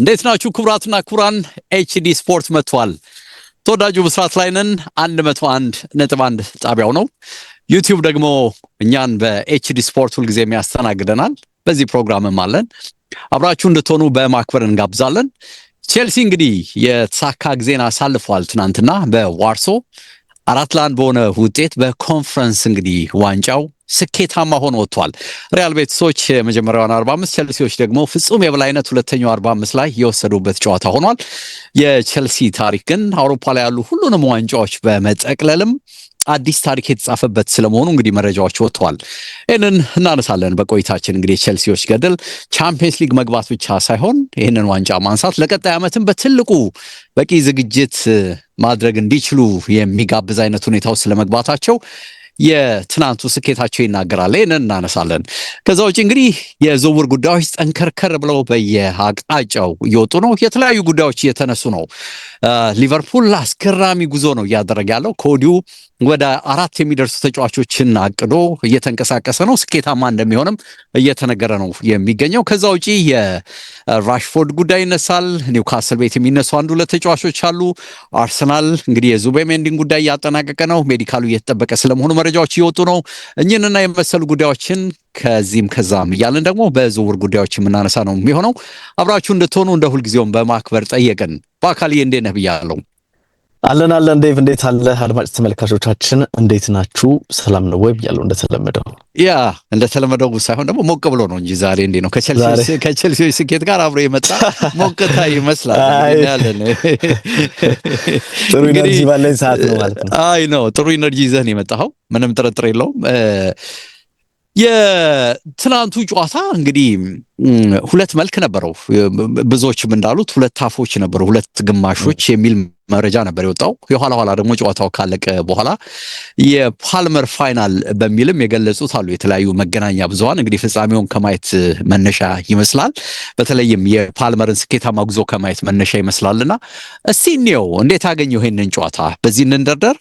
እንዴት ናችሁ? ክቡራትና ክቡራን ኤችዲ ስፖርት መጥቷል። ተወዳጁ ብስራት ላይ 101 ነጥብ 1 ጣቢያው ነው። ዩቲዩብ ደግሞ እኛን በኤችዲ ስፖርት ሁልጊዜም ያስተናግደናል። በዚህ ፕሮግራምም አለን። አብራችሁ እንድትሆኑ በማክበር እንጋብዛለን። ቼልሲ እንግዲህ የተሳካ ጊዜን አሳልፏል። ትናንትና በዋርሶ አራት ለአንድ በሆነ ውጤት በኮንፈረንስ እንግዲህ ዋንጫው ስኬታማ ሆኖ ወጥቷል። ሪያል ቤቲሶች የመጀመሪያውን 45 ቸልሲዎች ደግሞ ፍጹም የበላይነት ሁለተኛው 45 ላይ የወሰዱበት ጨዋታ ሆኗል። የቸልሲ ታሪክ ግን አውሮፓ ላይ ያሉ ሁሉንም ዋንጫዎች በመጠቅለልም አዲስ ታሪክ የተጻፈበት ስለመሆኑ እንግዲህ መረጃዎች ወጥተዋል። ይህንን እናነሳለን በቆይታችን። እንግዲህ የቸልሲዎች ገድል ቻምፒየንስ ሊግ መግባት ብቻ ሳይሆን ይህንን ዋንጫ ማንሳት ለቀጣይ ዓመትም በትልቁ በቂ ዝግጅት ማድረግ እንዲችሉ የሚጋብዝ አይነት ሁኔታ ውስጥ ለመግባታቸው የትናንቱ ስኬታቸው ይናገራል። ይህን እናነሳለን። ከዛ ውጭ እንግዲህ የዝውውር ጉዳዮች ጠንከርከር ብለው በየአቅጣጫው እየወጡ ነው። የተለያዩ ጉዳዮች እየተነሱ ነው። ሊቨርፑል አስገራሚ ጉዞ ነው እያደረገ ያለው። ከወዲሁ ወደ አራት የሚደርሱ ተጫዋቾችን አቅዶ እየተንቀሳቀሰ ነው። ስኬታማ እንደሚሆንም እየተነገረ ነው የሚገኘው። ከዛ ውጪ የራሽፎርድ ጉዳይ ይነሳል። ኒውካስል ቤት የሚነሱ አንድ ሁለት ተጫዋቾች አሉ። አርሰናል እንግዲህ የዙቤሜንዲን ጉዳይ እያጠናቀቀ ነው። ሜዲካሉ እየተጠበቀ ስለመሆኑ መረጃዎች እየወጡ ነው። እኝንና የመሰሉ ጉዳዮችን ከዚህም ከዛም እያለን ደግሞ በዝውውር ጉዳዮች የምናነሳ ነው የሚሆነው። አብራችሁ እንድትሆኑ እንደ ሁልጊዜውም በማክበር ጠየቅን። በአካል እንዴት ነህ ብያለሁ። አለን አለን ዴቭ እንዴት አለ? አድማጭ ተመልካቾቻችን እንዴት ናችሁ? ሰላም ነው ወይ ብያለሁ። እንደተለመደው ያ እንደተለመደው ሳይሆን ደግሞ ሞቅ ብሎ ነው እንጂ ዛሬ እንዴ ነው ከቸልሲ ስኬት ጋር አብሮ የመጣ ሞቅታ ይመስላል። ጥሩ ኢነርጂ ባለኝ ሰዓት ነው ማለት ነው። አይ ነው ጥሩ ኢነርጂ ይዘህን የመጣኸው ምንም ጥርጥር የለውም። የትናንቱ ጨዋታ እንግዲህ ሁለት መልክ ነበረው። ብዙዎችም እንዳሉት ሁለት ታፎች ነበሩ፣ ሁለት ግማሾች የሚል መረጃ ነበር የወጣው። የኋላ ኋላ ደግሞ ጨዋታው ካለቀ በኋላ የፓልመር ፋይናል በሚልም የገለጹት አሉ የተለያዩ መገናኛ ብዙኃን። እንግዲህ ፍጻሜውን ከማየት መነሻ ይመስላል፣ በተለይም የፓልመርን ስኬታማ ጉዞ ከማየት መነሻ ይመስላልና እስቲ እንየው። እንዴት አገኘው ይህንን ጨዋታ? በዚህ እንንደርደር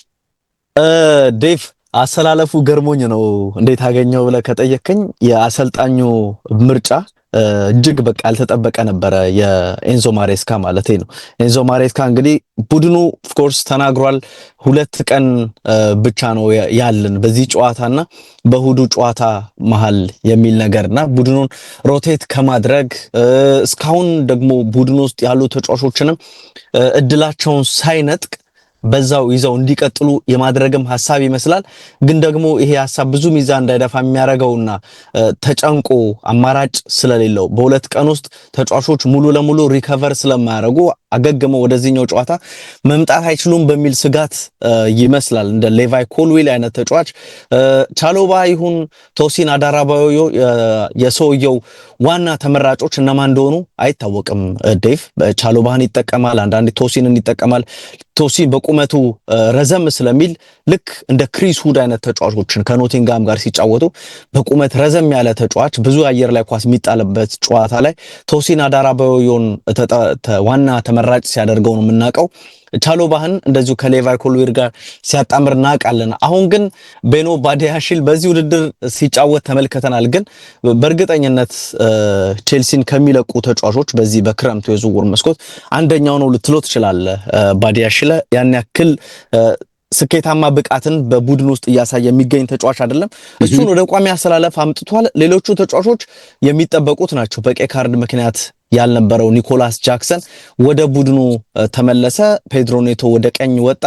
ዴቭ። አሰላለፉ ገርሞኝ ነው እንዴት አገኘው ብለህ ከጠየቅኝ የአሰልጣኙ ምርጫ እጅግ በቃ ያልተጠበቀ ነበረ የኤንዞ ማሬስካ ማለት ነው። ኤንዞ ማሬስካ እንግዲህ ቡድኑ ኦፍኮርስ ተናግሯል። ሁለት ቀን ብቻ ነው ያለን በዚህ ጨዋታና በእሁዱ ጨዋታ መሀል የሚል ነገርና ቡድኑን ሮቴት ከማድረግ እስካሁን ደግሞ ቡድኑ ውስጥ ያሉ ተጫዋቾችንም እድላቸውን ሳይነጥቅ በዛው ይዘው እንዲቀጥሉ የማድረግም ሐሳብ ይመስላል። ግን ደግሞ ይሄ ሐሳብ ብዙ ሚዛ እንዳይደፋ የሚያደርገውና ተጨንቆ አማራጭ ስለሌለው በሁለት ቀን ውስጥ ተጫዋቾች ሙሉ ለሙሉ ሪከቨር ስለማያደርጉ አገግመው ወደዚህኛው ጨዋታ መምጣት አይችሉም በሚል ስጋት ይመስላል። እንደ ሌቫይ ኮልዊል አይነት ተጫዋች ቻሎባ ይሁን ቶሲን አዳራባዮ የሰውየው ዋና ተመራጮች እነማን እንደሆኑ አይታወቅም። ዴቭ ቻሎባህን ይጠቀማል፣ አንዳንዴ ቶሲንን ይጠቀማል። ቶሲን በቁመቱ ረዘም ስለሚል ልክ እንደ ክሪስ ሁድ አይነት ተጫዋቾችን ከኖቲንጋም ጋር ሲጫወቱ በቁመት ረዘም ያለ ተጫዋች ብዙ አየር ላይ ኳስ የሚጣልበት ጨዋታ ላይ ቶሲን አዳራባዮን ዋና ተመራጭ ሲያደርገው ነው የምናውቀው። ባህን እንደዚሁ ከሌቫይ ኮልዊር ጋር ሲያጣምር እናውቃለን። አሁን ግን ቤኖ ባዲያሺል በዚህ ውድድር ሲጫወት ተመልክተናል። ግን በእርግጠኝነት ቼልሲን ከሚለቁ ተጫዋቾች በዚህ በክረምቱ የዝውውር መስኮት አንደኛው ነው ልትሎ ትችላለህ። ባዲያሺል ያን ያክል ስኬታማ ብቃትን በቡድን ውስጥ እያሳየ የሚገኝ ተጫዋች አይደለም። እሱን ወደ ቋሚ አሰላለፍ አምጥቷል። ሌሎቹ ተጫዋቾች የሚጠበቁት ናቸው በቀይ ካርድ ምክንያት ያልነበረው ኒኮላስ ጃክሰን ወደ ቡድኑ ተመለሰ። ፔድሮ ኔቶ ወደ ቀኝ ወጣ።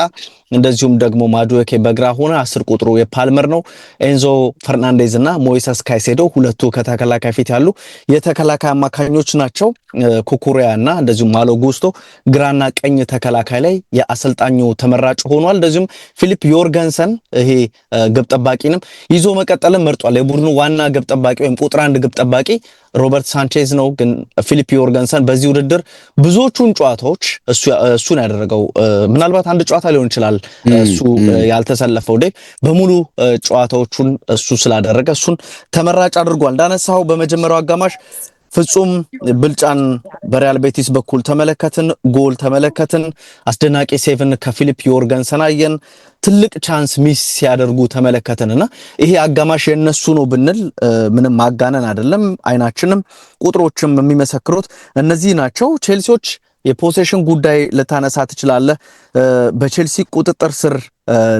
እንደዚሁም ደግሞ ማዱዌኬ በግራ ሆነ። አስር ቁጥሩ የፓልመር ነው። ኤንዞ ፈርናንዴዝ እና ሞይሰስ ካይሴዶ ሁለቱ ከተከላካይ ፊት ያሉ የተከላካይ አማካኞች ናቸው። ኩኩሪያ እና እንደዚሁም ማሎ ጉስቶ ግራና ቀኝ ተከላካይ ላይ የአሰልጣኙ ተመራጭ ሆኗል። እንደዚሁም ፊሊፕ ዮርገንሰን ይሄ ግብ ጠባቂንም ይዞ መቀጠልም መርጧል። የቡድኑ ዋና ግብ ጠባቂ ወይም ቁጥር አንድ ግብ ጠባቂ ሮበርት ሳንቼዝ ነው። ግን ፊሊፕ ዮርገንሰን በዚህ ውድድር ብዙዎቹን ጨዋታዎች እሱን ያደረገው ምናልባት አንድ ጨዋታ ሊሆን ይችላል እሱ ያልተሰለፈው ዴ በሙሉ ጨዋታዎቹን እሱ ስላደረገ እሱን ተመራጭ አድርጓል። እንዳነሳው በመጀመሪያው አጋማሽ ፍጹም ብልጫን በሪያል ቤቲስ በኩል ተመለከትን። ጎል ተመለከትን። አስደናቂ ሴቭን ከፊሊፕ ዮርገንሰን አየን። ትልቅ ቻንስ ሚስ ሲያደርጉ ተመለከተንና ይሄ አጋማሽ የነሱ ነው ብንል ምንም ማጋነን አይደለም። አይናችንም ቁጥሮችም የሚመሰክሩት እነዚህ ናቸው። ቼልሲዎች የፖሴሽን ጉዳይ ልታነሳ ትችላለህ። በቼልሲ ቁጥጥር ስር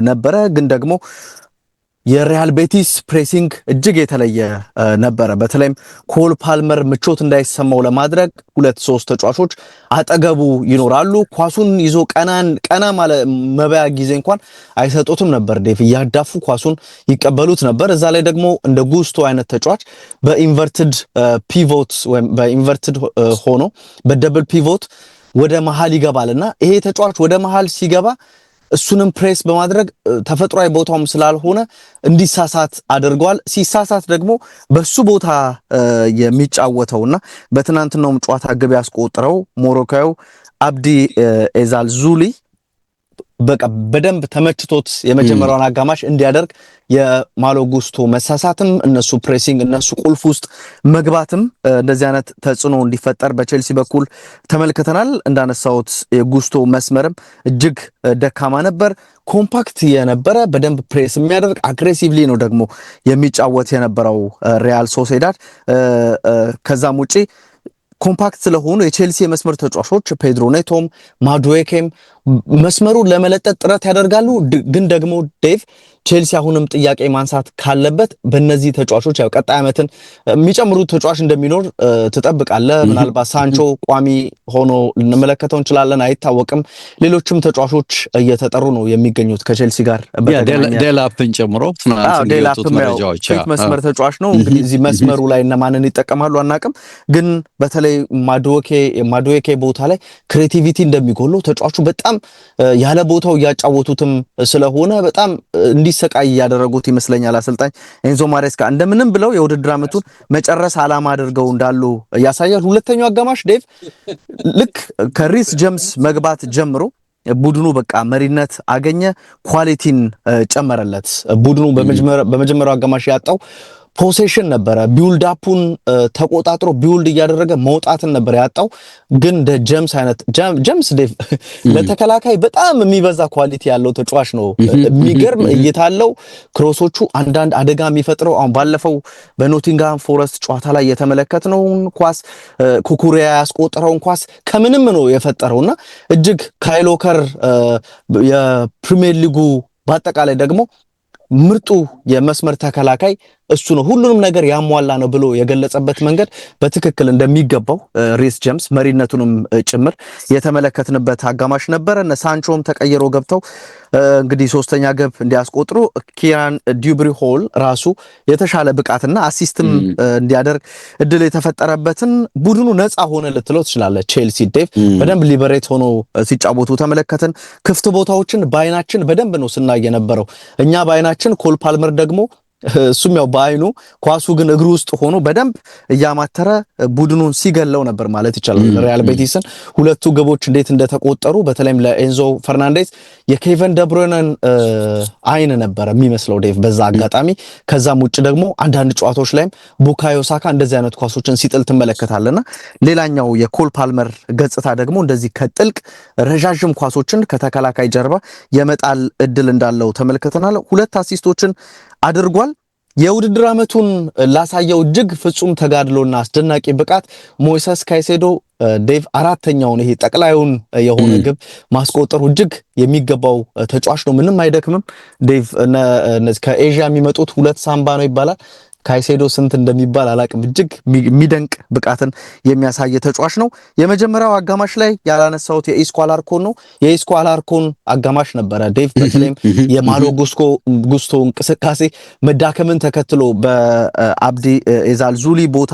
ነበረ ግን ደግሞ የሪያል ቤቲስ ፕሬሲንግ እጅግ የተለየ ነበረ። በተለይም ኮል ፓልመር ምቾት እንዳይሰማው ለማድረግ ሁለት ሶስት ተጫዋቾች አጠገቡ ይኖራሉ። ኳሱን ይዞ ቀና ማለት መበያ ጊዜ እንኳን አይሰጡትም ነበር። ዴቭ እያዳፉ ኳሱን ይቀበሉት ነበር። እዛ ላይ ደግሞ እንደ ጉስቶ አይነት ተጫዋች በኢንቨርትድ ፒቮት ወይም በኢንቨርትድ ሆኖ በደብል ፒቮት ወደ መሀል ይገባል እና ይሄ ተጫዋች ወደ መሀል ሲገባ እሱንም ፕሬስ በማድረግ ተፈጥሯዊ ቦታውም ስላልሆነ እንዲሳሳት አድርገዋል። ሲሳሳት ደግሞ በሱ ቦታ የሚጫወተውና በትናንትናውም ጨዋታ ግብ ያስቆጥረው ሞሮካዊው አብዲ ኤዛል ዙሊ በቃ በደንብ ተመችቶት የመጀመሪያውን አጋማሽ እንዲያደርግ የማሎ ጉስቶ መሳሳትም እነሱ ፕሬሲንግ እነሱ ቁልፍ ውስጥ መግባትም እንደዚህ አይነት ተጽዕኖ እንዲፈጠር በቼልሲ በኩል ተመልክተናል። እንዳነሳሁት የጉስቶ መስመርም እጅግ ደካማ ነበር። ኮምፓክት የነበረ በደንብ ፕሬስ የሚያደርግ አግሬሲቭሊ ነው ደግሞ የሚጫወት የነበረው ሪያል ሶሴዳድ ከዛም ውጪ ኮምፓክት ስለሆኑ የቼልሲ የመስመር ተጫዋቾች ፔድሮ ኔቶም ማዱዌኬም መስመሩን ለመለጠጥ ጥረት ያደርጋሉ፣ ግን ደግሞ ዴቭ ቼልሲ አሁንም ጥያቄ ማንሳት ካለበት በእነዚህ ተጫዋቾች ያው ቀጣይ ዓመትን የሚጨምሩት ተጫዋች እንደሚኖር ትጠብቃለ። ምናልባት ሳንቾ ቋሚ ሆኖ ልንመለከተው እንችላለን፣ አይታወቅም። ሌሎችም ተጫዋቾች እየተጠሩ ነው የሚገኙት ከቼልሲ ጋር ዴላፕን ጨምሮ መስመር ተጫዋች ነው። እንግዲህ እዚህ መስመሩ ላይ እነማንን ይጠቀማሉ አናቅም፣ ግን በተለይ ማዶኬ ቦታ ላይ ክሬቲቪቲ እንደሚጎለው ተጫዋቹ በጣም ያለ ቦታው እያጫወቱትም ስለሆነ በጣም እንዲ እንዲሰቃይ እያደረጉት ይመስለኛል። አሰልጣኝ ኤንዞ ማሬስካ እንደምንም ብለው የውድድር ዓመቱን መጨረስ አላማ አድርገው እንዳሉ ያሳያል። ሁለተኛው አጋማሽ ዴቭ ልክ ከሪስ ጀምስ መግባት ጀምሮ ቡድኑ በቃ መሪነት አገኘ፣ ኳሊቲን ጨመረለት። ቡድኑ በመጀመሪያው አጋማሽ ያጣው ፖሴሽን ነበረ። ቢውልዳፑን ተቆጣጥሮ ቢውልድ እያደረገ መውጣትን ነበር ያጣው። ግን እንደ ጀምስ አይነት ጀምስ ዴቭ ለተከላካይ በጣም የሚበዛ ኳሊቲ ያለው ተጫዋች ነው። የሚገርም እይታ አለው። ክሮሶቹ አንዳንድ አደጋ የሚፈጥረው አሁን ባለፈው በኖቲንግሃም ፎረስት ጨዋታ ላይ የተመለከትነውን ኳስ ኩኩሪያ ያስቆጠረውን ኳስ ከምንም ነው የፈጠረውና እጅግ ካይል የፕሪሚየር ሊጉ በአጠቃላይ ደግሞ ምርጡ የመስመር ተከላካይ እሱ ነው ሁሉንም ነገር ያሟላ ነው ብሎ የገለጸበት መንገድ በትክክል እንደሚገባው ሪስ ጀምስ መሪነቱንም ጭምር የተመለከትንበት አጋማሽ ነበረ። እነ ሳንቾም ተቀይሮ ገብተው እንግዲህ ሶስተኛ ግብ እንዲያስቆጥሩ ኪራን ዲብሪ ሆል ራሱ የተሻለ ብቃትና አሲስትም እንዲያደርግ እድል የተፈጠረበትን ቡድኑ ነፃ ሆነ ልትለው ትችላለ። ቼልሲ ዴቭ በደንብ ሊበሬት ሆኖ ሲጫወቱ ተመለከትን። ክፍት ቦታዎችን በአይናችን በደንብ ነው ስናይ የነበረው እኛ በአይናችን ኮል ፓልመር ደግሞ እሱም ያው በአይኑ ኳሱ ግን እግሩ ውስጥ ሆኖ በደንብ እያማተረ ቡድኑን ሲገለው ነበር ማለት ይቻላል። ሪያል ቤቲስን ሁለቱ ግቦች እንዴት እንደተቆጠሩ በተለይም ለኤንዞ ፈርናንዴዝ የኬቨን ደብሮነን አይን ነበር የሚመስለው ዴቭ በዛ አጋጣሚ። ከዛም ውጭ ደግሞ አንዳንድ ጨዋታዎች ላይም ቡካዮ ሳካ እንደዚህ አይነት ኳሶችን ሲጥል ትመለከታለና፣ ሌላኛው የኮል ፓልመር ገጽታ ደግሞ እንደዚህ ከጥልቅ ረዣዥም ኳሶችን ከተከላካይ ጀርባ የመጣል እድል እንዳለው ተመልክተናል። ሁለት አሲስቶችን አድርጓል። የውድድር ዓመቱን ላሳየው እጅግ ፍጹም ተጋድሎና አስደናቂ ብቃት ሞይሰስ ካይሴዶ ዴቭ አራተኛውን ይሄ ጠቅላዩን የሆነ ግብ ማስቆጠሩ እጅግ የሚገባው ተጫዋች ነው። ምንም አይደክምም ዴቭ። ከኤዥያ የሚመጡት ሁለት ሳምባ ነው ይባላል። ካይሴዶ ስንት እንደሚባል አላቅም። እጅግ የሚደንቅ ብቃትን የሚያሳየ ተጫዋች ነው። የመጀመሪያው አጋማሽ ላይ ያላነሳሁት የኢስኮ አላርኮን ነው። የኢስኮ አላርኮን አጋማሽ ነበረ ዴቭ። በተለይም የማሎ ጉስቶ እንቅስቃሴ መዳከምን ተከትሎ በአብዲ ኤዛል ዙሊ ቦታ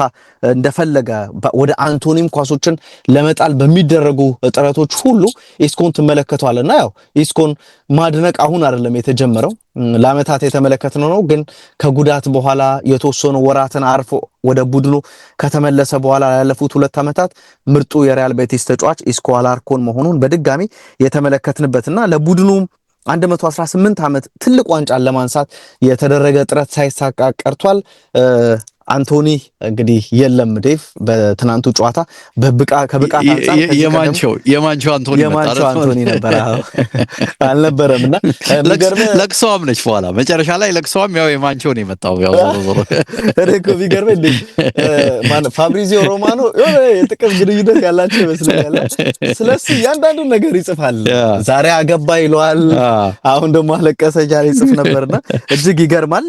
እንደፈለገ ወደ አንቶኒም ኳሶችን ለመጣል በሚደረጉ ጥረቶች ሁሉ ኢስኮን እና ያው ኢስኮን ማድነቅ አሁን አይደለም የተጀመረው ለአመታት የተመለከትነው ነው። ግን ከጉዳት በኋላ የተወሰኑ ወራትን አርፎ ወደ ቡድኑ ከተመለሰ በኋላ ያለፉት ሁለት ዓመታት ምርጡ የሪያል ቤቲስ ተጫዋች ኢስኮ አላርኮን መሆኑን በድጋሚ የተመለከትንበትና ለቡድኑ 118 ዓመት ትልቅ ዋንጫን ለማንሳት የተደረገ ጥረት ሳይሳካ ቀርቷል። አንቶኒ እንግዲህ የለም ዴቭ በትናንቱ ጨዋታ በብቃ ከብቃት የማንቸው የማንቸው አንቶኒ ነበረ አልነበረም። እና ለቅሰዋም ነች በኋላ መጨረሻ ላይ ለቅሰዋም ያው የማንቸው ነው የመጣው። ያው ዞሮ እኮ ቢገርመኝ እንዴ ፋብሪዚዮ ሮማኖ የሆነ የጥቅም ግንኙነት ያላቸው ይመስለኛል። ስለሱ እያንዳንዱን ነገር ይጽፋል። ዛሬ አገባ ይለዋል። አሁን ደግሞ አለቀሰ እያለ ይጽፍ ነበርና እጅግ ይገርማል።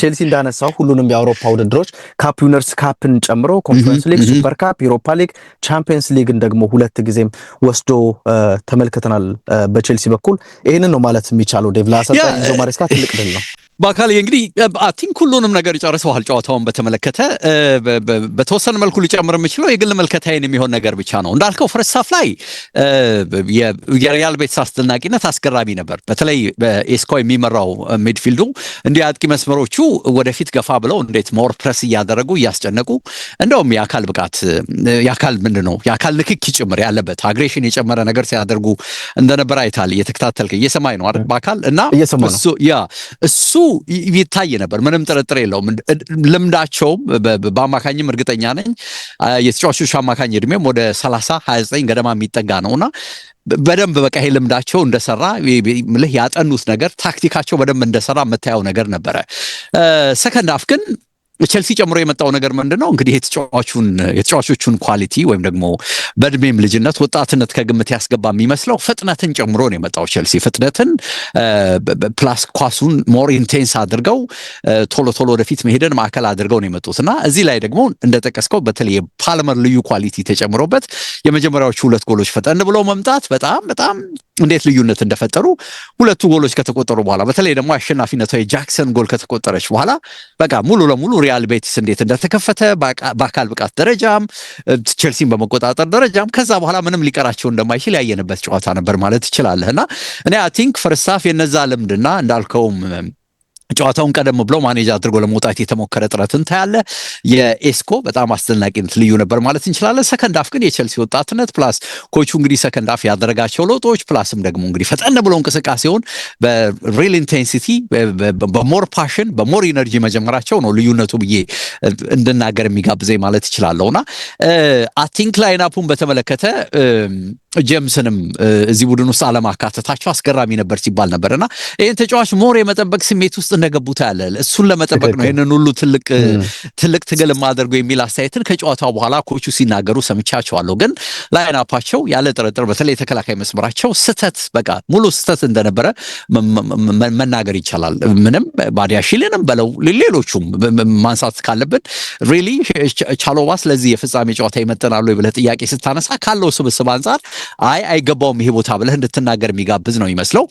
ቼልሲ እንዳነሳው ሁሉንም የአውሮፓ ውድድሮች ካፕ ዊነርስ ካፕን ጨምሮ ኮንፈረንስ ሊግ፣ ሱፐር ካፕ፣ ዩሮፓ ሊግ፣ ቻምፒየንስ ሊግን ደግሞ ሁለት ጊዜም ወስዶ ተመልክተናል በቼልሲ በኩል። ይህንን ነው ማለት የሚቻለው ዴቭ ለአሰልጣኝ ማሬስካ ትልቅ ድል ነው። በአካል እንግዲህ ቲንክ ሁሉንም ነገር ጨርሰዋል ጨዋታውን በተመለከተ በተወሰነ መልኩ ሊጨምር የምችለው የግል መልከታዬን የሚሆን ነገር ብቻ ነው። እንዳልከው ፈርስት ላይ የሪያል ቤትስ አስደናቂነት አስገራሚ ነበር። በተለይ በኤስኮ የሚመራው ሚድፊልዱ እንዲህ አጥቂ መስመሮቹ ወደፊት ገፋ ብለው እንዴት ሞር ፕረስ እያደረጉ እያስጨነቁ፣ እንደውም የአካል ብቃት የአካል ምንድን ነው የአካል ንክኪ ጭምር ያለበት አግሬሽን የጨመረ ነገር ሲያደርጉ እንደነበር አይታል። እየተከታተልክ እየሰማኝ ነው በአካል እና እሱ ይታይ ነበር፣ ምንም ጥርጥር የለውም። ልምዳቸውም በአማካኝም እርግጠኛ ነኝ የተጫዋቾች አማካኝ እድሜም ወደ 30 29 ገደማ የሚጠጋ እና በደንብ በቃ ይሄ ልምዳቸው እንደሰራ ምልህ ያጠኑት ነገር ታክቲካቸው በደንብ እንደሰራ የምታየው ነገር ነበረ። ሰከንድ ሀፍ ግን ቸልሲ ጨምሮ የመጣው ነገር ምንድን ነው እንግዲህ የተጫዋቾቹን ኳሊቲ ወይም ደግሞ በእድሜም ልጅነት ወጣትነት ከግምት ያስገባ የሚመስለው ፍጥነትን ጨምሮ ነው የመጣው ቸልሲ ፍጥነትን ፕላስ ኳሱን ሞር ኢንቴንስ አድርገው ቶሎ ቶሎ ወደፊት መሄደን ማዕከል አድርገው ነው የመጡት እና እዚህ ላይ ደግሞ እንደጠቀስከው በተለይ የፓልመር ልዩ ኳሊቲ ተጨምሮበት የመጀመሪያዎቹ ሁለት ጎሎች ፈጠን ብለው መምጣት በጣም በጣም እንዴት ልዩነት እንደፈጠሩ ሁለቱ ጎሎች ከተቆጠሩ በኋላ በተለይ ደግሞ አሸናፊነቷ የጃክሰን ጎል ከተቆጠረች በኋላ በቃ ሙሉ ለሙሉ ሪያል ቤቲስ እንዴት እንደተከፈተ በአካል ብቃት ደረጃም ቼልሲን በመቆጣጠር ደረጃም ከዛ በኋላ ምንም ሊቀራቸው እንደማይችል ያየንበት ጨዋታ ነበር ማለት ትችላለህ። እና እኔ አይ ቲንክ ፈርስት ሃፍ የነዛ ልምድና እንዳልከውም ጨዋታውን ቀደም ብሎ ማኔጅ አድርጎ ለመውጣት የተሞከረ ጥረትን ታያለ። የኤስኮ በጣም አስደናቂነት ልዩ ነበር ማለት እንችላለን። ሰከንድ አፍ ግን የቸልሲ ወጣትነት ፕላስ ኮቹ እንግዲህ ሰከንድ አፍ ያደረጋቸው ለውጦች ፕላስም ደግሞ እንግዲህ ፈጠን ብሎ እንቅስቃሴውን በሪል ኢንቴንሲቲ በሞር ፓሽን በሞር ኢነርጂ መጀመራቸው ነው ልዩነቱ ብዬ እንድናገር የሚጋብዘኝ ማለት ይችላለሁና አቲንክ ላይናፑን በተመለከተ ጀምስንም እዚህ ቡድን ውስጥ አለማካተታቸው አስገራሚ ነበር ሲባል ነበር እና ይህን ተጫዋች ሞር የመጠበቅ ስሜት ውስጥ እንደገቡት ያለ እሱን ለመጠበቅ ነው ይህንን ሁሉ ትልቅ ትግል የማደርገው የሚል አስተያየትን ከጨዋታ በኋላ ኮቹ ሲናገሩ ሰምቻቸዋለሁ። ግን ላይናፓቸው ያለ ጥርጥር በተለይ የተከላካይ መስመራቸው ስህተት በቃ ሙሉ ስህተት እንደነበረ መናገር ይቻላል። ምንም ባዲያሺልንም በለው ሌሎቹም ማንሳት ካለብን ሪሊ ቻሎባ ስለዚህ የፍጻሜ ጨዋታ ይመጥናሉ ብለህ ጥያቄ ስታነሳ ካለው ስብስብ አንጻር አይ አይገባውም ይሄ ቦታ ብለህ እንድትናገር የሚጋብዝ ነው ይመስለው።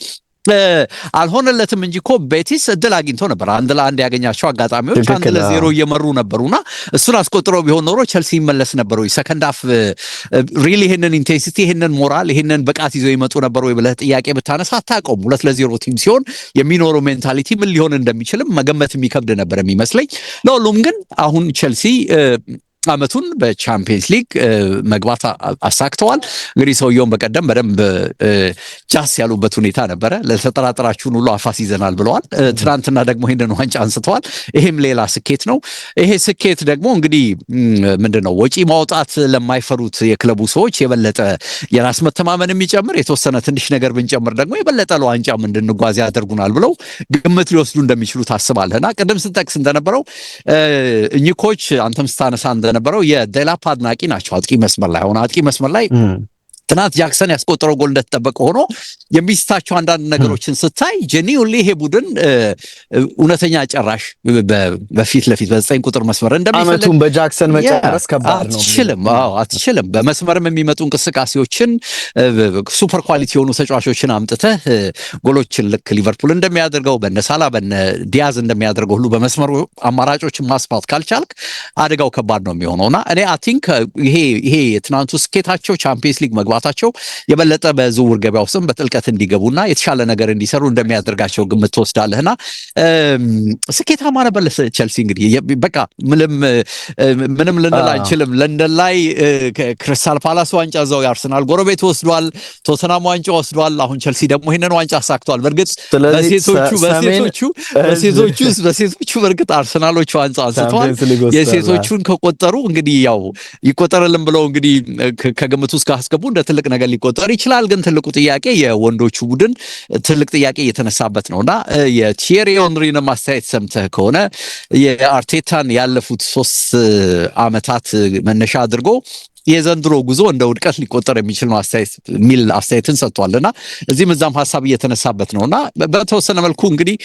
አልሆነለትም እንጂ እኮ ቤቲስ እድል አግኝቶ ነበር። አንድ ለአንድ ያገኛቸው አጋጣሚዎች አንድ ለዜሮ እየመሩ ነበሩና እሱን አስቆጥሮ ቢሆን ኖሮ ቸልሲ ይመለስ ነበር ወይ? ሰከንድ አፍ ሪሊ ይህንን ኢንቴንሲቲ፣ ይህንን ሞራል፣ ይህንን ብቃት ይዘው ይመጡ ነበር ወይ ብለህ ጥያቄ ብታነሳ አታውቀውም። ሁለት ለዜሮ ቲም ሲሆን የሚኖረው ሜንታሊቲ ምን ሊሆን እንደሚችልም መገመት የሚከብድ ነበር የሚመስለኝ። ለሁሉም ግን አሁን ቸልሲ ዓመቱን በቻምፒየንስ ሊግ መግባት አሳክተዋል። እንግዲህ ሰውየውን በቀደም በደንብ ጃስ ያሉበት ሁኔታ ነበረ። ለተጠራጠራችሁን ሁሉ አፋስ ይዘናል ብለዋል። ትናንትና ደግሞ ይህንን ዋንጫ አንስተዋል። ይሄም ሌላ ስኬት ነው። ይሄ ስኬት ደግሞ እንግዲህ ምንድን ነው ወጪ ማውጣት ለማይፈሩት የክለቡ ሰዎች የበለጠ የራስ መተማመን የሚጨምር የተወሰነ ትንሽ ነገር ብንጨምር ደግሞ የበለጠ ለዋንጫ እንድንጓዝ ያደርጉናል ብለው ግምት ሊወስዱ እንደሚችሉ ታስባለህና ቅድም ስንጠቅስ እንደነበረው እኚህ ኮች አንተም ስታነሳ የነበረው የደላፕ አድናቂ ናቸው። አጥቂ መስመር ላይ አሁን አጥቂ መስመር ላይ ትናንት ጃክሰን ያስቆጠረው ጎል እንደተጠበቀ ሆኖ የሚስታቸው አንዳንድ ነገሮችን ስታይ ጀኒውሊ ይሄ ቡድን እውነተኛ ጨራሽ በፊት ለፊት በዘጠኝ ቁጥር መስመር እንደሚመቱን በጃክሰን መጨረስ ከባድ አትችልም፣ አትችልም። በመስመርም የሚመጡ እንቅስቃሴዎችን ሱፐር ኳሊቲ የሆኑ ተጫዋቾችን አምጥተህ ጎሎችን ልክ ሊቨርፑል እንደሚያደርገው በነሳላ በነ ዲያዝ እንደሚያደርገው ሁሉ በመስመሩ አማራጮችን ማስፋት ካልቻልክ አደጋው ከባድ ነው የሚሆነውና እኔ አይ ቲንክ ይሄ ይሄ የትናንቱ ስኬታቸው ቻምፒየንስ ሊግ መግባት መግባታቸው የበለጠ በዝውውር ገበያው ስም በጥልቀት እንዲገቡና የተሻለ ነገር እንዲሰሩ እንደሚያደርጋቸው ግምት ትወስዳለህና ስኬታማ ነበር ቸልሲ። እንግዲህ በቃ ምንም ልንል አንችልም። ለንደን ላይ ክሪስታል ፓላስ ዋንጫ እዛው የአርሰናል ጎረቤት ወስዷል። ቶተናም ዋንጫ ወስዷል። አሁን ቸልሲ ደግሞ ይህንን ዋንጫ አሳክቷል። በእርግጥ በሴቶቹ በእርግጥ አርሰናሎቹ ዋንጫ አንስተዋል። የሴቶቹን ከቆጠሩ እንግዲህ ያው ይቆጠርልን ብለው እንግዲህ ከግምት ውስጥ ካስገቡ እንደ ትልቅ ነገር ሊቆጠር ይችላል። ግን ትልቁ ጥያቄ የወንዶቹ ቡድን ትልቅ ጥያቄ እየተነሳበት ነውና የቲዬሪ ኦንሪን ማስተያየት ሰምተህ ከሆነ የአርቴታን ያለፉት ሶስት አመታት መነሻ አድርጎ የዘንድሮ ጉዞ እንደ ውድቀት ሊቆጠር የሚችል ነው የሚል አስተያየትን እና እዚህም እዛም ሀሳብ እየተነሳበት እና በተወሰነ መልኩ እንግዲህ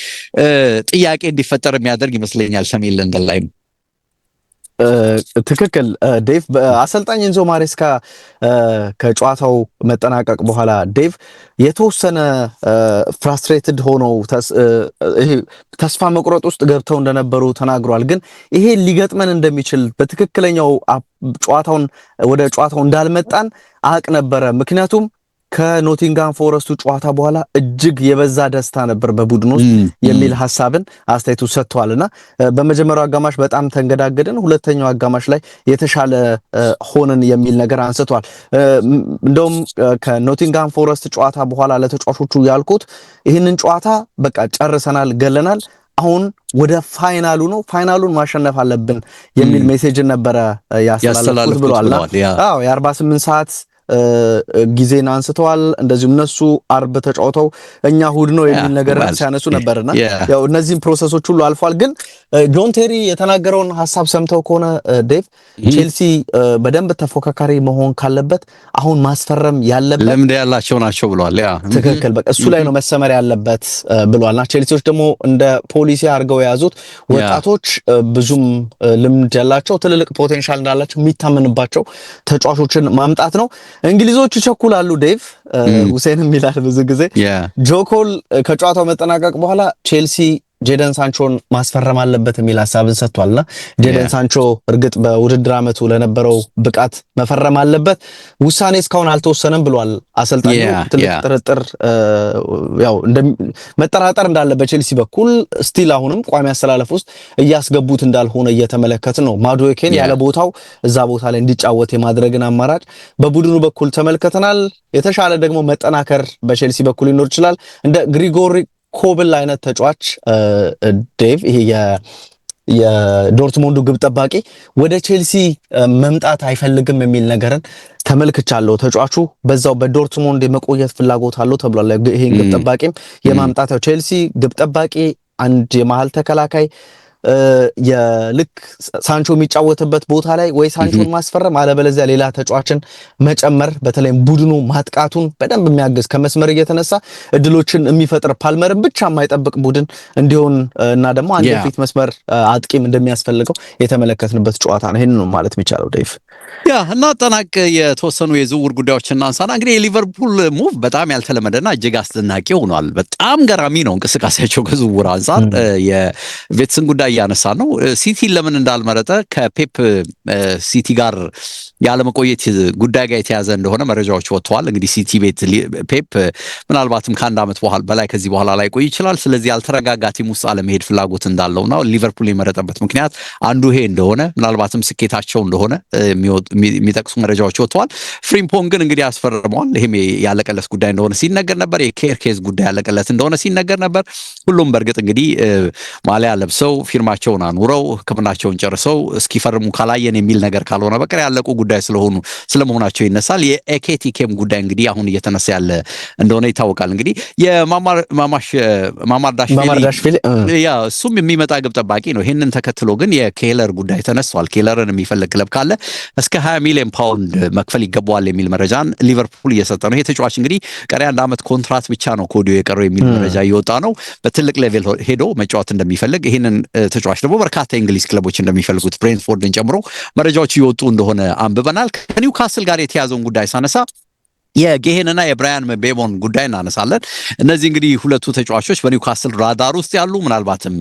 ጥያቄ እንዲፈጠር የሚያደርግ ይመስለኛል ሰሜን ለንደን ትክክል ዴቭ። አሰልጣኝ ኢንዞ ማሬስካ ከጨዋታው መጠናቀቅ በኋላ ዴቭ የተወሰነ ፍራስትሬትድ ሆነው ተስፋ መቁረጥ ውስጥ ገብተው እንደነበሩ ተናግሯል። ግን ይሄ ሊገጥመን እንደሚችል በትክክለኛው ጨዋታውን ወደ ጨዋታው እንዳልመጣን አቅ ነበረ ምክንያቱም ከኖቲንጋም ፎረስቱ ጨዋታ በኋላ እጅግ የበዛ ደስታ ነበር በቡድን ውስጥ የሚል ሀሳብን አስተያየቱ ሰጥተዋልና በመጀመሪያው አጋማሽ በጣም ተንገዳገድን፣ ሁለተኛው አጋማሽ ላይ የተሻለ ሆንን የሚል ነገር አንስተዋል። እንደውም ከኖቲንጋም ፎረስት ጨዋታ በኋላ ለተጫዋቾቹ ያልኩት ይህንን ጨዋታ በቃ ጨርሰናል፣ ገለናል አሁን ወደ ፋይናሉ ነው። ፋይናሉን ማሸነፍ አለብን የሚል ሜሴጅን ነበረ ያስተላለፉት ብሏል። አዎ የ48 ሰዓት ጊዜን አንስተዋል። እንደዚሁም እነሱ አርብ ተጫውተው እኛ ሁድ ነው የሚል ነገር ሲያነሱ ነበርና ያው እነዚህም ፕሮሰሶች ሁሉ አልፏል። ግን ጆን ቴሪ የተናገረውን ሀሳብ ሰምተው ከሆነ ዴቭ ቼልሲ በደንብ ተፎካካሪ መሆን ካለበት አሁን ማስፈረም ያለበት ልምድ ያላቸው ናቸው ብሏል። ትክክል፣ በቃ እሱ ላይ ነው መሰመር ያለበት ብሏልና ቼልሲዎች ደግሞ እንደ ፖሊሲ አድርገው የያዙት ወጣቶች ብዙም ልምድ ያላቸው ትልልቅ ፖቴንሻል እንዳላቸው የሚታመንባቸው ተጫዋቾችን ማምጣት ነው። እንግሊዞቹ ቸኩላሉ። ዴቭ ሁሴንም ይላል ብዙ ጊዜ ጆኮል ከጨዋታው መጠናቀቅ በኋላ ቼልሲ ጄደን ሳንቾን ማስፈረም አለበት የሚል ሀሳብን ሰጥቷልና ጄደን ሳንቾ እርግጥ በውድድር ዓመቱ ለነበረው ብቃት መፈረም አለበት። ውሳኔ እስካሁን አልተወሰነም ብሏል አሰልጣኙ። ትልቅ ጥርጥር ያው መጠራጠር እንዳለ በቼልሲ በኩል ስቲል አሁንም ቋሚ አስተላለፍ ውስጥ እያስገቡት እንዳልሆነ እየተመለከት ነው። ማዶዌኬን ያለ ቦታው እዛ ቦታ ላይ እንዲጫወት የማድረግን አማራጭ በቡድኑ በኩል ተመልከተናል። የተሻለ ደግሞ መጠናከር በቼልሲ በኩል ሊኖር ይችላል እንደ ግሪጎሪ ኮብል አይነት ተጫዋች ዴቭ ይሄ የዶርትሞንዱ ግብ ጠባቂ ወደ ቼልሲ መምጣት አይፈልግም የሚል ነገርን ተመልክቻለሁ። ተጫዋቹ በዛው በዶርትሞንድ የመቆየት ፍላጎት አለው ተብሏል። ይህን ግብ ጠባቂም የማምጣት ቼልሲ ግብ ጠባቂ፣ አንድ የመሀል ተከላካይ የልክ ሳንቾ የሚጫወትበት ቦታ ላይ ወይ ሳንቾን ማስፈረም አለበለዚያ ሌላ ተጫዋችን መጨመር በተለይም ቡድኑ ማጥቃቱን በደንብ የሚያግዝ ከመስመር እየተነሳ እድሎችን የሚፈጥር ፓልመርን ብቻ የማይጠብቅ ቡድን እንዲሆን እና ደግሞ አንድ ፊት መስመር አጥቂም እንደሚያስፈልገው የተመለከትንበት ጨዋታ ነው። ይህን ነው ማለት የሚቻለው ደይፍ ያ ጠናቅ የተወሰኑ የዝውውር ጉዳዮች እናንሳና እንግዲህ የሊቨርፑል ሙቭ በጣም ያልተለመደና እጅግ አስደናቂ ሆኗል። በጣም ገራሚ ነው እንቅስቃሴያቸው ከዝውውር አንጻር የቤትስን ጉዳይ እያነሳ ነው። ሲቲን ለምን እንዳልመረጠ ከፔፕ ሲቲ ጋር ያለመቆየት ጉዳይ ጋር የተያዘ እንደሆነ መረጃዎች ወጥተዋል። እንግዲህ ሲቲ ቤት ፔፕ ምናልባትም ከአንድ ዓመት በኋላ በላይ ከዚህ በኋላ ላይ ቆይ ይችላል። ስለዚህ ያልተረጋጋ ቲም ውስጥ አለመሄድ ፍላጎት እንዳለውና ሊቨርፑል የመረጠበት ምክንያት አንዱ ይሄ እንደሆነ ምናልባትም ስኬታቸው እንደሆነ የሚጠቅሱ መረጃዎች ወጥተዋል። ፍሪምፖን ግን እንግዲህ ያስፈርመዋል። ይህም ያለቀለት ጉዳይ እንደሆነ ሲነገር ነበር። የኬርኬዝ ጉዳይ ያለቀለት እንደሆነ ሲነገር ነበር። ሁሉም በእርግጥ እንግዲህ ማሊያ ለብሰው ፊርማቸውን አኑረው ህክምናቸውን ጨርሰው እስኪፈርሙ ካላየን የሚል ነገር ካልሆነ በቀር ያለቁ ጉዳይ ስለሆኑ ስለመሆናቸው ይነሳል። የኤኬቲኬም ጉዳይ እንግዲህ አሁን እየተነሳ ያለ እንደሆነ ይታወቃል። እንግዲህ የማማርዳሽቪሊ ያ እሱም የሚመጣ ግብ ጠባቂ ነው። ይህንን ተከትሎ ግን የኬለር ጉዳይ ተነስቷል። ኬለርን የሚፈልግ ክለብ ካለ እስከ 20 ሚሊዮን ፓውንድ መክፈል ይገባዋል የሚል መረጃን ሊቨርፑል እየሰጠ ነው። ይሄ ተጫዋች እንግዲህ ቀሪ አንድ ዓመት ኮንትራት ብቻ ነው ኮዲዮ የቀረው የሚል መረጃ እየወጣ ነው። በትልቅ ሌቬል ሄዶ መጫወት እንደሚፈልግ ይህንን ተጫዋች ደግሞ በርካታ የእንግሊዝ ክለቦች እንደሚፈልጉት ብሬንትፎርድን ጨምሮ መረጃዎች እየወጡ እንደሆነ አንብበናል። ከኒውካስል ጋር የተያዘውን ጉዳይ ሳነሳ የጌሄንና የብራያን ቤቦን ጉዳይ እናነሳለን። እነዚህ እንግዲህ ሁለቱ ተጫዋቾች በኒውካስል ራዳር ውስጥ ያሉ ምናልባትም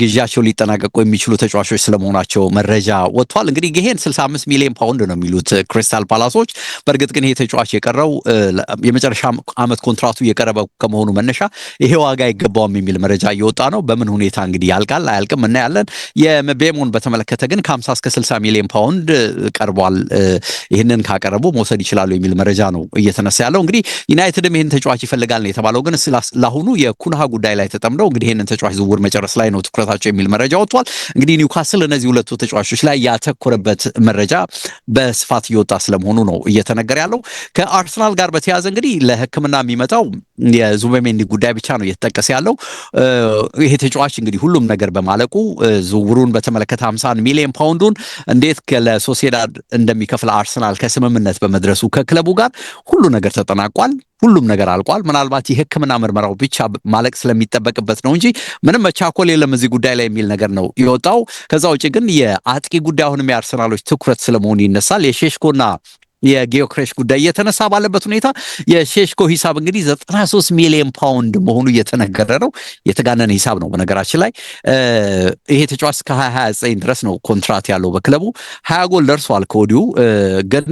ግዢያቸው ሊጠናቀቁ የሚችሉ ተጫዋቾች ስለመሆናቸው መረጃ ወጥቷል። እንግዲህ ጌሄን 65 ሚሊዮን ፓውንድ ነው የሚሉት ክሪስታል ፓላሶች። በእርግጥ ግን ይሄ ተጫዋች የቀረው የመጨረሻ ዓመት ኮንትራቱ የቀረበ ከመሆኑ መነሻ ይሄ ዋጋ አይገባውም የሚል መረጃ እየወጣ ነው። በምን ሁኔታ እንግዲህ ያልቃል አያልቅም እናያለን። የቤሞን በተመለከተ ግን ከ50 እስከ 60 ሚሊዮን ፓውንድ ቀርቧል። ይህንን ካቀረቡ መውሰድ ይችላሉ የሚል መረጃ ነው እየተነሳ ያለው። እንግዲህ ዩናይትድም ይህን ተጫዋች ይፈልጋል ነው የተባለው። ግን ለአሁኑ የኩንሃ ጉዳይ ላይ ተጠምደው እንግዲህ ይህንን ተጫዋች ዝውውር መጨረስ ላይ ነው ትኩረታቸው የሚል መረጃ ወጥቷል። እንግዲህ ኒውካስል እነዚህ ሁለቱ ተጫዋቾች ላይ ያተኮረበት መረጃ በስፋት እየወጣ ስለመሆኑ ነው እየተነገረ ያለው። ከአርሰናል ጋር በተያያዘ እንግዲህ ለሕክምና የሚመጣው የዙቤሜንዲ ጉዳይ ብቻ ነው እየተጠቀሰ ያለው። ይሄ ተጫዋች እንግዲህ ሁሉም ነገር በማለቁ ዝውውሩን በተመለከተ 50 ሚሊዮን ፓውንዱን እንዴት ለሶሴዳድ እንደሚከፍል አርሰናል ከስምምነት በመድረሱ ከክለቡ ጋር ሁሉ ነገር ተጠናቋል። ሁሉም ነገር አልቋል። ምናልባት የሕክምና ምርመራው ብቻ ማለቅ ስለሚጠበቅበት ነው እንጂ ምንም መቻኮል የለም እዚህ ጉዳይ ላይ የሚል ነገር ነው የወጣው። ከዛ ውጭ ግን የአጥቂ ጉዳይ አሁንም የአርሰናሎች ትኩረት ስለመሆኑ ይነሳል። የሼሽኮና የጊዮክሬሽ ጉዳይ እየተነሳ ባለበት ሁኔታ የሼሽኮ ሂሳብ እንግዲህ 93 ሚሊዮን ፓውንድ መሆኑ እየተነገረ ነው። የተጋነነ ሂሳብ ነው። በነገራችን ላይ ይሄ ተጫዋች እስከ 2029 ድረስ ነው ኮንትራት ያለው በክለቡ። ሀያ ጎል ደርሷል ከወዲሁ። ግን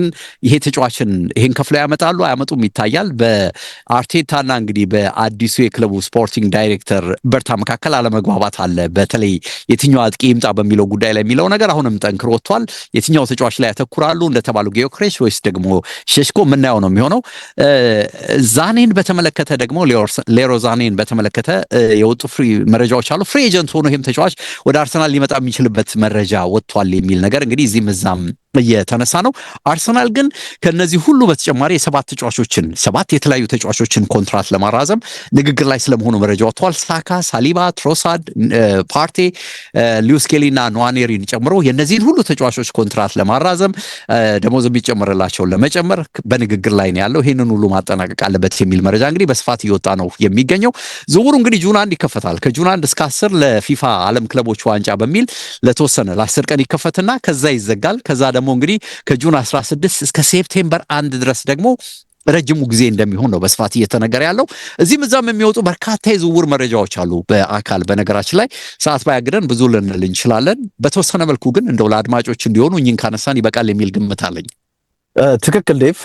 ይሄ ተጫዋችን ይሄን ከፍለው ያመጣሉ አያመጡም ይታያል። በአርቴታና እንግዲህ በአዲሱ የክለቡ ስፖርቲንግ ዳይሬክተር በርታ መካከል አለመግባባት አለ። በተለይ የትኛው አጥቂ ይምጣ በሚለው ጉዳይ ላይ የሚለው ነገር አሁንም ጠንክሮ ወጥቷል። የትኛው ተጫዋች ላይ ያተኩራሉ እንደተባሉ ጊዮክሬሽ ወይ ወይስ ደግሞ ሸሽኮ የምናየው ነው የሚሆነው። ዛኔን በተመለከተ ደግሞ ሌሮ ዛኔን በተመለከተ የወጡ ፍሪ መረጃዎች አሉ። ፍሪ ኤጀንት ሆኖ ይህም ተጫዋች ወደ አርሰናል ሊመጣ የሚችልበት መረጃ ወጥቷል የሚል ነገር እንግዲህ እዚህም እዛም እየተነሳ ነው። አርሰናል ግን ከነዚህ ሁሉ በተጨማሪ የሰባት ተጫዋቾችን ሰባት የተለያዩ ተጫዋቾችን ኮንትራት ለማራዘም ንግግር ላይ ስለመሆኑ መረጃ ወጥቷል። ሳካ፣ ሳሊባ፣ ትሮሳድ፣ ፓርቴ፣ ሊዩስኬሊ ኬሊ እና ኗኔሪን ጨምሮ የነዚህን ሁሉ ተጫዋቾች ኮንትራት ለማራዘም ደሞዝ የሚጨምርላቸውን ለመጨመር በንግግር ላይ ነው ያለው። ይህንን ሁሉ ማጠናቀቅ አለበት የሚል መረጃ እንግዲህ በስፋት እየወጣ ነው የሚገኘው። ዝውውሩ እንግዲህ ጁን አንድ ይከፈታል። ከጁን አንድ እስከ አስር ለፊፋ ዓለም ክለቦች ዋንጫ በሚል ለተወሰነ ለአስር ቀን ይከፈትና ከዛ ይዘጋል። ከዛ ደግሞ ደግሞ እንግዲህ ከጁን 16 እስከ ሴፕቴምበር አንድ ድረስ ደግሞ ረጅሙ ጊዜ እንደሚሆን ነው በስፋት እየተነገረ ያለው። እዚህም እዛም የሚወጡ በርካታ የዝውውር መረጃዎች አሉ። በአካል በነገራችን ላይ ሰዓት ባያግደን ብዙ ልንል እንችላለን። በተወሰነ መልኩ ግን እንደው ለአድማጮች እንዲሆኑ እኝን ካነሳን ይበቃል የሚል ግምት አለኝ። ትክክል ዴቭ፣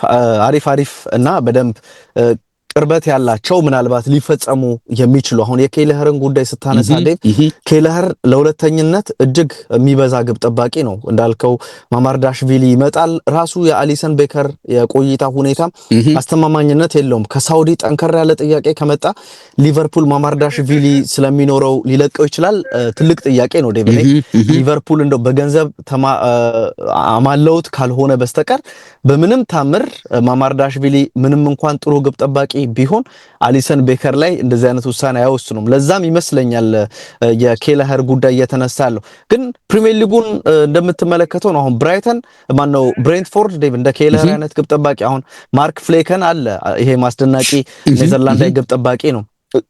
አሪፍ አሪፍ እና በደንብ ቅርበት ያላቸው ምናልባት ሊፈጸሙ የሚችሉ አሁን የኬለህርን ጉዳይ ስታነሳ ኬለህር ለሁለተኝነት እጅግ የሚበዛ ግብ ጠባቂ ነው። እንዳልከው ማማርዳሽቪሊ ይመጣል። ራሱ የአሊሰን ቤከር የቆይታ ሁኔታ አስተማማኝነት የለውም። ከሳውዲ ጠንከር ያለ ጥያቄ ከመጣ ሊቨርፑል ማማርዳሽቪሊ ስለሚኖረው ሊለቀው ይችላል። ትልቅ ጥያቄ ነው። ዴቪድ ሊቨርፑል እንደው በገንዘብ አማለውት ካልሆነ በስተቀር በምንም ታምር ማማርዳሽቪሊ ምንም እንኳን ጥሩ ግብ ጠባቂ ጥያቄ ቢሆን አሊሰን ቤከር ላይ እንደዚህ አይነት ውሳኔ አይወስኑም። ለዛም ይመስለኛል የኬላሀር ጉዳይ እየተነሳ ግን ፕሪሚየር ሊጉን እንደምትመለከተው አሁን ብራይተን ማነው ብሬንትፎርድ ዴቭ እንደ ኬላሀር አይነት ግብ ጠባቂ አሁን ማርክ ፍሌከን አለ። ይሄ ማስደናቂ ኔዘርላንድ ላይ ግብ ጠባቂ ነው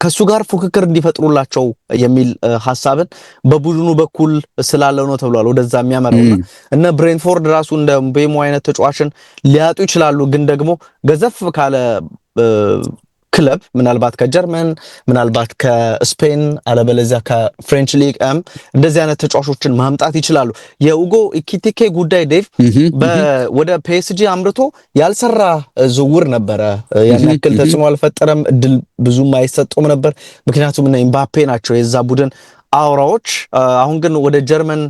ከሱ ጋር ፉክክር እንዲፈጥሩላቸው የሚል ሀሳብን በቡድኑ በኩል ስላለው ነው ተብሏል። ወደዛ የሚያመራው እነ ብሬንፎርድ ራሱ እንደ ቤሞ አይነት ተጫዋችን ሊያጡ ይችላሉ። ግን ደግሞ ገዘፍ ካለ ክለብ ምናልባት ከጀርመን ምናልባት ከስፔን አለበለዚያ ከፍሬንች ሊግ እንደዚህ አይነት ተጫዋቾችን ማምጣት ይችላሉ። የኡጎ ኢኪቲኬ ጉዳይ ዴቭ ወደ ፒኤስጂ አምርቶ ያልሰራ ዝውውር ነበረ። ያን ያክል ተጽዕኖ አልፈጠረም። እድል ብዙም አይሰጡም ነበር፣ ምክንያቱም እነ ኢምባፔ ናቸው የዛ ቡድን አውራዎች። አሁን ግን ወደ ጀርመን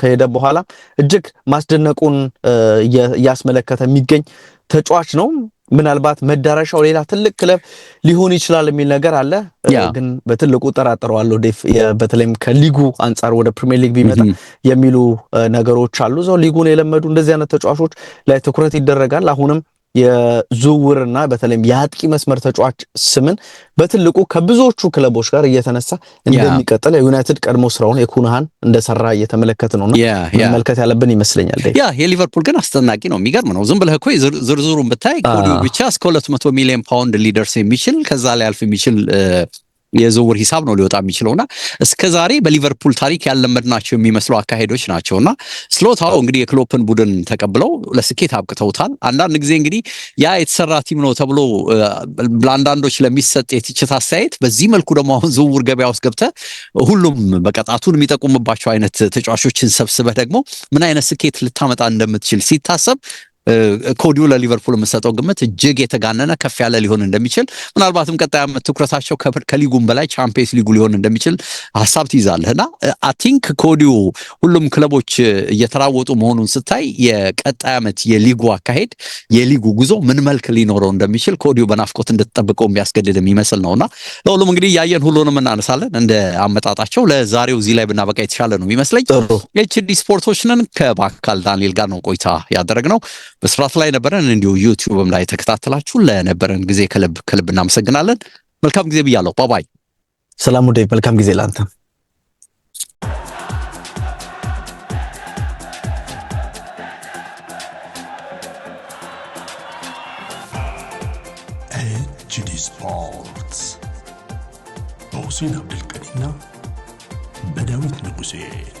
ከሄደ በኋላ እጅግ ማስደነቁን እያስመለከተ የሚገኝ ተጫዋች ነው። ምናልባት መዳረሻው ሌላ ትልቅ ክለብ ሊሆን ይችላል የሚል ነገር አለ። ግን በትልቁ ጠራጥረዋለሁ። በተለይም ከሊጉ አንጻር ወደ ፕሪሚየር ሊግ ቢመጣ የሚሉ ነገሮች አሉ። ሊጉን የለመዱ እንደዚህ አይነት ተጫዋቾች ላይ ትኩረት ይደረጋል አሁንም የዝውውርና በተለይም የአጥቂ መስመር ተጫዋች ስምን በትልቁ ከብዙዎቹ ክለቦች ጋር እየተነሳ እንደሚቀጥል ዩናይትድ ቀድሞ ስራውን የኩንሃን እንደሰራ እየተመለከት ነው መመልከት ያለብን ይመስለኛል። ያ የሊቨርፑል ግን አስደናቂ ነው። የሚገርም ነው። ዝም ብለህ እኮ ዝርዝሩን ብታይ ብቻ እስከ 200 ሚሊዮን ፓውንድ ሊደርስ የሚችል ከዛ ሊያልፍ የሚችል የዝውውር ሂሳብ ነው ሊወጣ የሚችለውና እስከዛሬ በሊቨርፑል ታሪክ ያለመድናቸው የሚመስሉ አካሄዶች ናቸውና ስሎታው እንግዲህ የክሎፕን ቡድን ተቀብለው ለስኬት አብቅተውታል። አንዳንድ ጊዜ እንግዲህ ያ የተሰራ ቲም ነው ተብሎ ለአንዳንዶች ለሚሰጥ የትችት አስተያየት፣ በዚህ መልኩ ደግሞ አሁን ዝውውር ገበያ ውስጥ ገብተ ሁሉም በቀጣቱን የሚጠቁምባቸው አይነት ተጫዋቾችን ሰብስበህ ደግሞ ምን አይነት ስኬት ልታመጣ እንደምትችል ሲታሰብ ኮዲው ለሊቨርፑል የምሰጠው ግምት እጅግ የተጋነነ ከፍ ያለ ሊሆን እንደሚችል ምናልባትም ቀጣይ ዓመት ትኩረታቸው ከሊጉም በላይ ቻምፒየንስ ሊጉ ሊሆን እንደሚችል ሀሳብ ትይዛለህ እና አይ ቲንክ ኮዲው ሁሉም ክለቦች እየተራወጡ መሆኑን ስታይ የቀጣይ ዓመት የሊጉ አካሄድ የሊጉ ጉዞ ምን መልክ ሊኖረው እንደሚችል ኮዲው በናፍቆት እንድትጠብቀው የሚያስገድድ የሚመስል እና ለሁሉም እንግዲህ እያየን ሁሉንም እናነሳለን እንደ አመጣጣቸው። ለዛሬው እዚህ ላይ ብናበቃ የተሻለ ነው የሚመስለኝ። ኤችዲ ስፖርቶችንን ከባካል ዳንኤል ጋር ነው ቆይታ ያደረግነው። በስፋት ላይ ነበረን። እንዲሁ ዩቲዩብም ላይ ተከታተላችሁ ለነበረን ጊዜ ከልብ ከልብ እናመሰግናለን። መልካም ጊዜ ብያለሁ። ባባይ ሰላም ውዴ፣ መልካም ጊዜ ለአንተ። ስፖርት በሁሴን በዳዊት ንጉሴ